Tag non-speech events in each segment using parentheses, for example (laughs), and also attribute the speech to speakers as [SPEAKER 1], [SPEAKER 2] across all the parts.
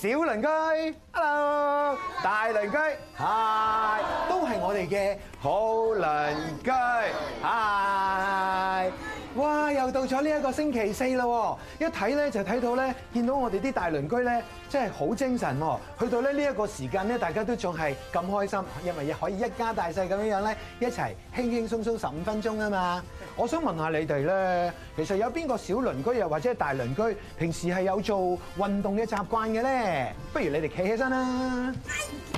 [SPEAKER 1] 小鄰居，Hello！Hello. 大鄰居，Hi，都係我哋嘅好鄰居，Hi。哇！又到咗呢一個星期四咯，一睇咧就睇到咧，見到我哋啲大鄰居咧，真係好精神喎。去到咧呢一個時間咧，大家都仲係咁開心，因為可以一家大細咁樣樣咧，一齊輕輕鬆鬆十五分鐘啊嘛。我想問下你哋咧，其實有邊個小鄰居又或者大鄰居，平時係有做運動嘅習慣嘅咧？不如你哋企起身啦，哎。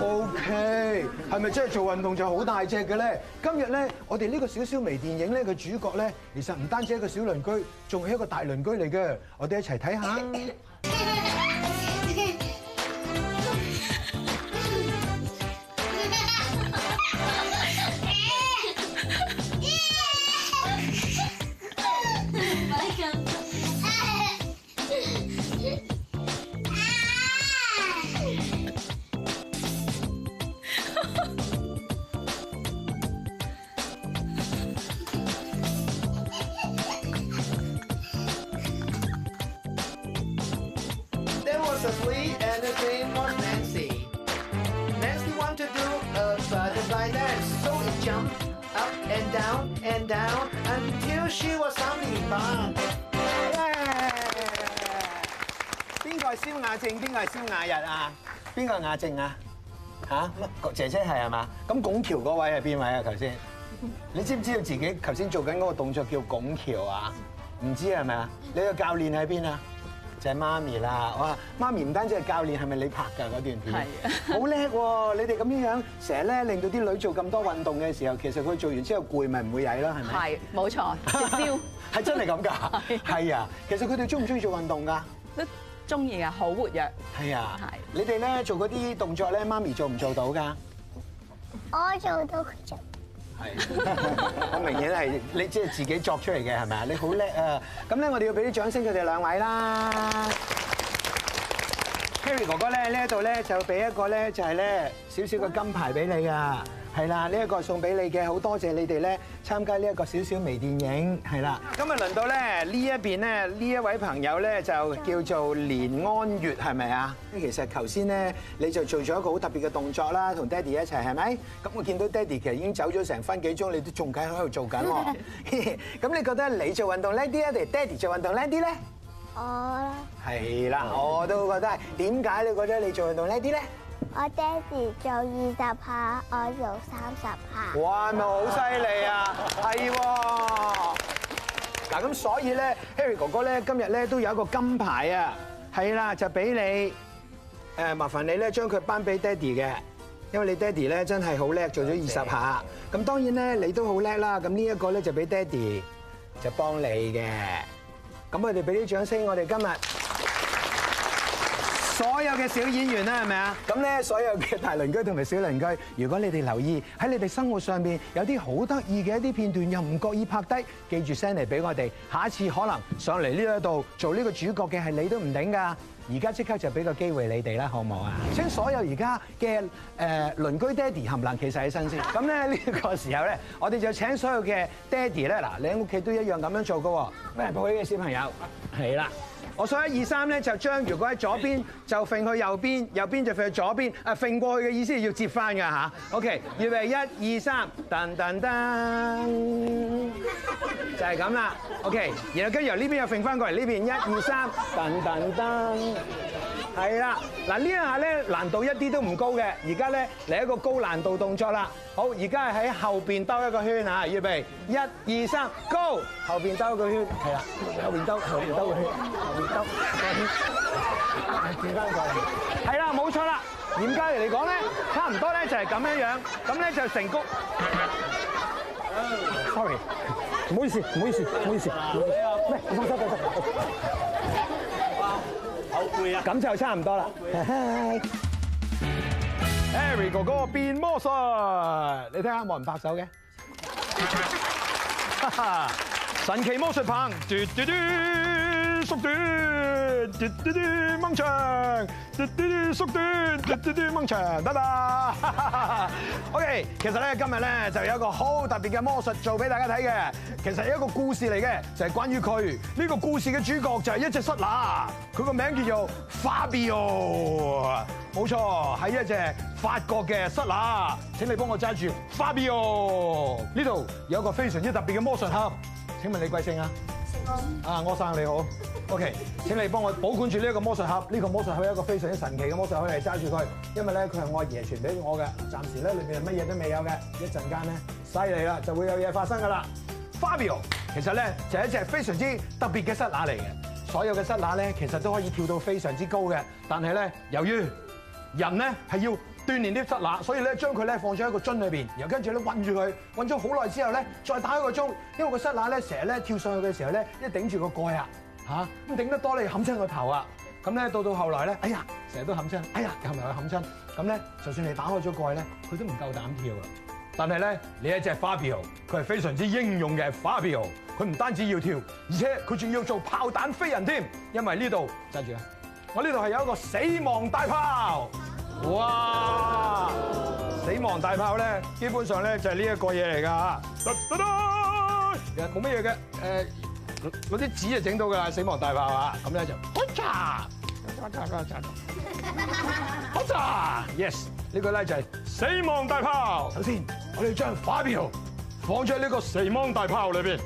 [SPEAKER 1] O K，係咪真係做運動就好大隻嘅咧？今日咧，我哋呢個小小微電影咧，個主角咧，其實唔單止係一個小鄰居，仲係一個大鄰居嚟嘅。我哋一齊睇下。 (coughs) Down and down until she was sounding fun. 哇！邊個係蕭亞靜？邊個係蕭亞日啊？邊個係亞靜啊？嚇？姐姐係啊？嘛？咁拱橋嗰位係邊位啊？頭先，你知唔知道自己頭先做緊嗰個動作叫拱橋啊？唔知係咪啊？你個教練喺邊啊？就係媽咪啦，我話媽咪唔單止係教練，係咪你拍㗎嗰段片？係，好叻喎！你哋咁樣樣，成日咧令到啲女做咁多運動嘅時候，其實佢做完之後攰，咪唔會曳咯，係咪？係，冇錯，節痩係真係咁㗎。係啊是的，其實佢哋中唔中意做運動㗎？都中意啊，好活躍。係啊，係的。是的 你哋咧做嗰啲動作咧，媽咪做唔做到
[SPEAKER 2] 㗎？我做到嘅。
[SPEAKER 1] 係的，好 (laughs) 明顯係你即係自己作出嚟嘅，係咪啊？你好叻啊！咁咧，我哋要俾啲掌聲佢哋兩位啦。HARRY 哥哥咧，呢一度咧就俾一個咧，就係咧少少嘅金牌俾你啊！係啦，呢一個送俾你嘅，好多謝你哋咧參加呢一個少少微電影。係啦，今日輪到咧呢一邊咧呢一位朋友咧就叫做連安月，係咪啊？咁其實頭先咧你就做咗一個好特別嘅動作啦，同爹哋一齊係咪？咁我見到爹哋其實已經走咗成分幾鐘，你都仲喺喺度做緊喎。咁你覺得你做運動叻啲啊定爹哋做運動叻啲咧？
[SPEAKER 2] 我啦，
[SPEAKER 1] 係啦，我都覺得係。點解你覺得你做運動叻啲
[SPEAKER 2] 咧？我爹哋做二十下，我做三十
[SPEAKER 1] 下。哇，咪好犀利啊！係，嗱，咁所以咧，Harry 哥哥咧今日咧都有一個金牌啊！係啦，就俾你，誒，麻煩你咧將佢頒俾爹哋嘅，因為你爹哋咧真係好叻，做咗二十下。咁當然咧你都好叻啦，咁呢一個咧就俾爹哋就幫你嘅。咁我哋俾啲掌聲，我哋今日所有嘅小演員啦，係咪啊？咁咧，所有嘅大鄰居同埋小鄰居，如果你哋留意喺你哋生活上邊有啲好得意嘅一啲片段，又唔覺意拍低，記住 send 嚟俾我哋，下一次可能上嚟呢一度做呢個主角嘅係你都唔頂噶。而家即刻就俾個機會你哋啦，好唔好啊？請所有而家嘅誒鄰居爹哋，冚唪唥企晒喺身先。咁咧呢個時候咧，我哋就請所有嘅爹哋咧，嗱你喺屋企都一樣咁樣做㗎喎，咩抱起嘅小朋友，係啦。我數一二三咧，就將如果喺左邊就揈去右邊，右邊就揈去左邊，啊揈過去嘅意思係要接翻㗎吓，OK，預備一二三，噔噔噔，就係咁啦。OK，然後跟住由呢邊又揈翻過嚟呢邊，一二三，噔噔噔。 (music) 係啦，嗱呢一下咧難度一啲都唔高嘅，而家咧嚟一個高難度動作啦。好，而家係喺後邊兜一個圈啊，預備，一、二、三，Go！後邊兜一個圈，係啊，後邊兜，後邊兜個圈，後邊兜個圈，轉翻個圈，係啦，冇錯啦。嚴格嚟講咧，差唔多咧就係咁樣樣，咁咧就成功。Sorry，唔好意思，唔好意思，唔好意思，唔好意思，唔係好攰啊！咁就差唔多啦。Harry (laughs) 哥哥變魔術， (laughs) 你睇下冇人拍手嘅。
[SPEAKER 2] (laughs)
[SPEAKER 1] 神奇魔術棒，嘟嘟嘟。縮短，短短短掹長，短短短縮短，短短短掹長，得啦。OK，其實咧今日咧就有一個好特別嘅魔術做俾大家睇嘅，其實有一個故事嚟嘅，就係關於佢。呢個故事嘅主角就係一隻塞拿，佢個名叫做 Fabio，冇錯，係一隻法國嘅塞拿。請你幫我揸住 Fabio，呢度有一個非常之特別嘅魔術盒，請問你貴姓啊？啊，柯生你好 (laughs) ，OK，請你幫我保管住呢一個魔術盒，呢、這個魔術盒係一個非常之神奇嘅魔術盒嚟，揸住佢，因為咧佢係我阿爺傳俾我嘅。暫時咧裏面係乜嘢都未有嘅，一陣間咧犀利啦，就會有嘢發生噶啦。Fabio，其實咧就係、一隻非常之特別嘅蝨乸嚟嘅，所有嘅蝨乸咧其實都可以跳到非常之高嘅，但係咧由於人咧係要。鍛鍊啲塞乸，所以咧將佢咧放咗喺個樽裏邊，然後跟住咧揾住佢，揾咗好耐之後咧，再打開個樽，因為個塞乸咧成日咧跳上去嘅時候咧，一頂住個蓋啊嚇，咁頂得多你冚親個頭啊，咁咧到到後來咧，哎呀，成日都冚親，哎呀，又咪去冚親，咁咧就算你打開咗蓋咧，佢都唔夠膽跳啊。但係咧，你一隻花豹，佢係非常之英勇嘅花豹，佢唔單止要跳，而且佢仲要做炮彈飛人添，因為呢度揸住啊，着我呢度係有一個死亡大炮。哇死、呃呃！死亡大炮咧，基本上咧就係呢一個嘢嚟噶吓。其實冇乜嘢嘅，誒，啲紙就整到噶死亡大炮啊。咁咧就開炸，開炸，yes 呢個就係死亡大炮。首先，我哋將火苗放喺呢個死亡大炮裏邊。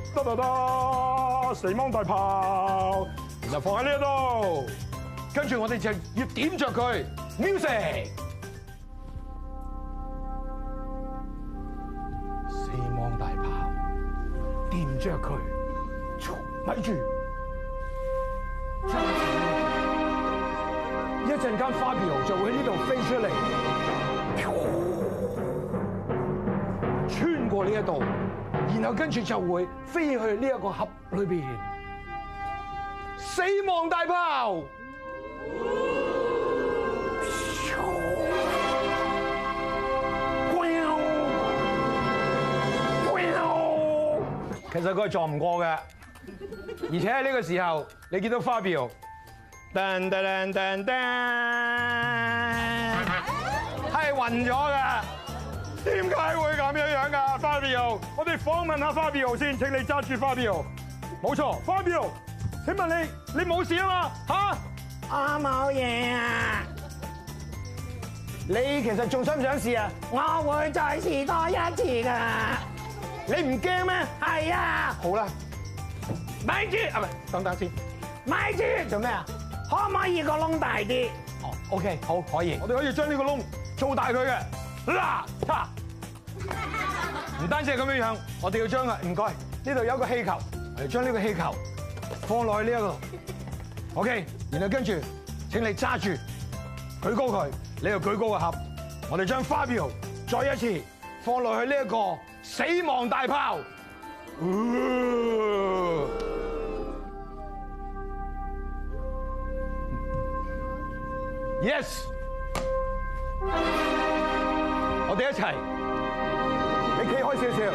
[SPEAKER 1] 死亡大炮，然後嗱，放喺呢一度，跟住我哋就要點着佢。music， (music) 死亡大炮掂着佢，咪住，一陣間花皮猴就會喺呢度飛出嚟，穿過呢一度，然後跟住就會飛去呢一個盒裏邊。死亡大炮。其實佢係撞唔過嘅，而且喺呢個時候你見到花標， (laughs) 噔噔噔噔，係暈咗嘅。點解會咁樣樣㗎？花標，我哋訪問下花標先。請你揸住花標，冇錯。花標，請問你你冇事啊嘛？吓？我冇嘢啊。你其實仲想唔想試啊？我會再試多一次㗎。你唔驚咩？係啊，好啦，咪住啊，唔係，等等先，咪住做咩啊？可唔可以個窿大啲？哦，OK，好可以。我哋可以將呢個窿做大佢嘅啦啦。唔單止係咁樣樣，我哋要將啊，唔該，呢度有個氣球，我哋將呢個氣球放落去呢一個。OK，然後跟住請你揸住，舉高佢，你又舉高個盒，我哋將花苗再一次放落去呢一個。死亡大炮，Yes，我哋一齊，你企開少少，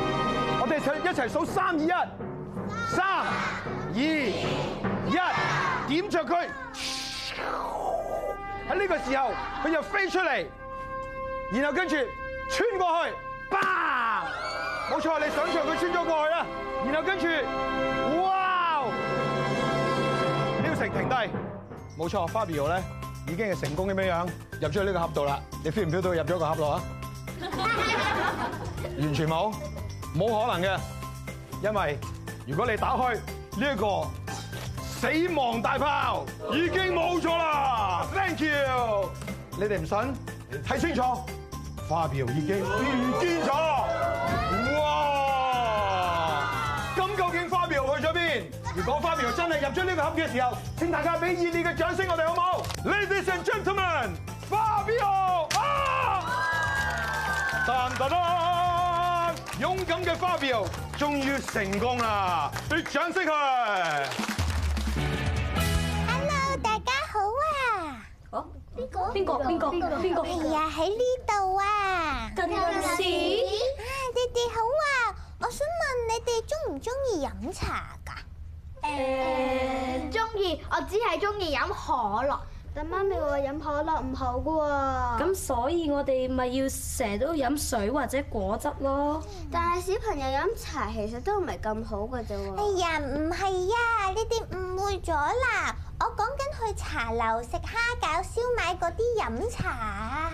[SPEAKER 1] 我哋一齊數三二一，三二一，點着佢，喺呢個時候佢就飛出嚟，然後跟住穿過去，爆！冇錯，你想像佢穿咗過去啦，然後跟住，
[SPEAKER 2] 哇！U
[SPEAKER 1] 型停低，冇錯，花苗咧已經係成功咁樣樣入咗去呢個盒度啦。你 feel 唔 feel 到佢入咗個盒度啊？
[SPEAKER 2] (laughs)
[SPEAKER 1] 完全冇，冇可能嘅，因為如果你打開呢一個死亡大炮，已經冇咗啦。Thank you， (laughs) 謝你哋唔信？睇清楚，花苗已經唔見咗。個花苗真係入咗呢個盒嘅時候，請大家俾熱烈嘅掌聲，我哋好冇？Ladies and gentlemen，
[SPEAKER 2] 花苗啊！
[SPEAKER 1] 噠噠噠！勇敢嘅花苗終於成功啦！俾掌聲佢。
[SPEAKER 2] Hello，大家好啊！哦，邊個？邊個？邊個？邊個？係啊，喺呢度啊。有事？啊，你哋好啊！我想問你哋中唔中意飲茶㗎？誒，中意，我只係中意飲可樂。但媽咪話飲可樂唔好噶喎。咁所以我哋咪要成日都飲水或者果汁咯。但係小朋友飲茶其實都唔係咁好噶咋喎。哎呀，唔係呀，呢啲誤會咗啦。我講緊去茶樓食蝦餃燒賣嗰啲飲茶啊。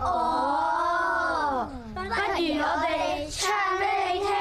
[SPEAKER 2] 哦，不如我哋唱俾你聽。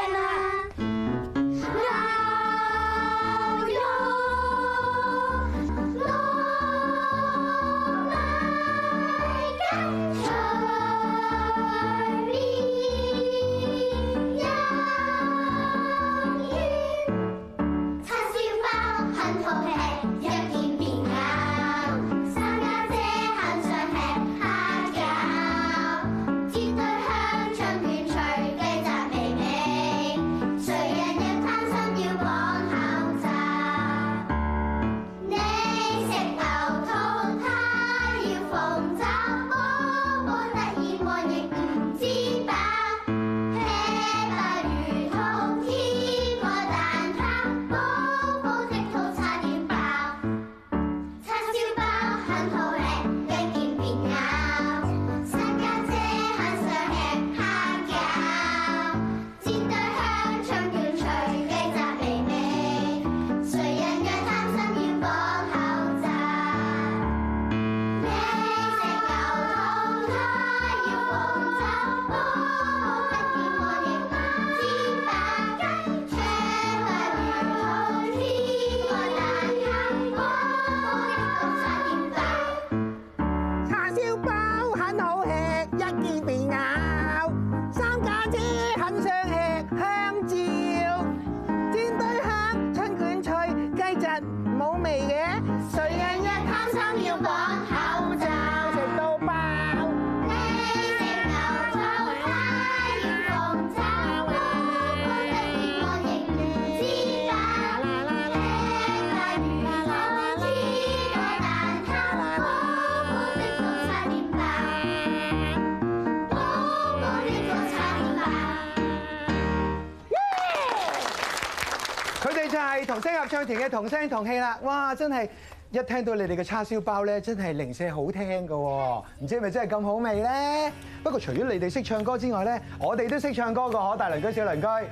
[SPEAKER 1] 聲合唱團嘅同聲同氣啦，哇！真係一聽到你哋嘅叉燒包咧，真係零舍好聽㗎喎，唔知係咪真係咁好味咧？不過除咗你哋識唱歌之外咧，我哋都識唱歌㗎喎，大鄰居小鄰居，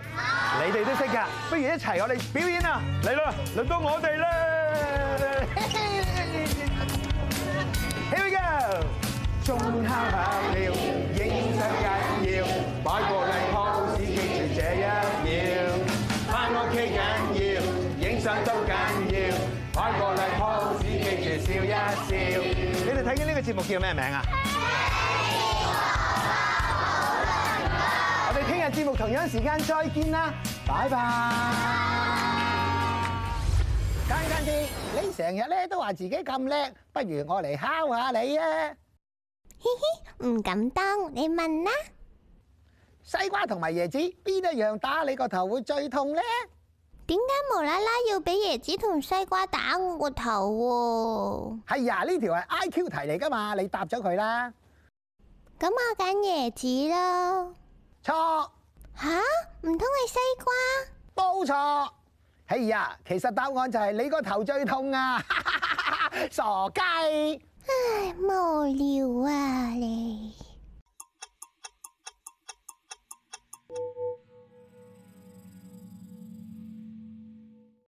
[SPEAKER 1] 你哋都識㗎，不如一齊我哋表演啊！嚟啦，輪到我哋啦！Here we go，中烤好了。笑，你哋睇緊呢個節目叫咩名啊？我哋聽日節目同樣時間再見啦，拜拜。根根子，你成日咧都話自己咁叻，不如我嚟敲下你啊！嘻嘻，唔敢當，你問啦。西瓜同埋椰子，邊一樣打你個頭會
[SPEAKER 2] 最痛咧？點解無啦啦要俾椰子同西瓜打我個頭啊？係、哎、呀，呢條係 I Q 題嚟噶嘛？你答咗佢啦。
[SPEAKER 1] 咁我揀椰子咯。錯錯。吓、啊？唔通係西瓜？都錯。係、哎、呀，其實答案就係你個頭最痛啊！
[SPEAKER 2] (laughs) 傻雞雞。唉，無聊啊你。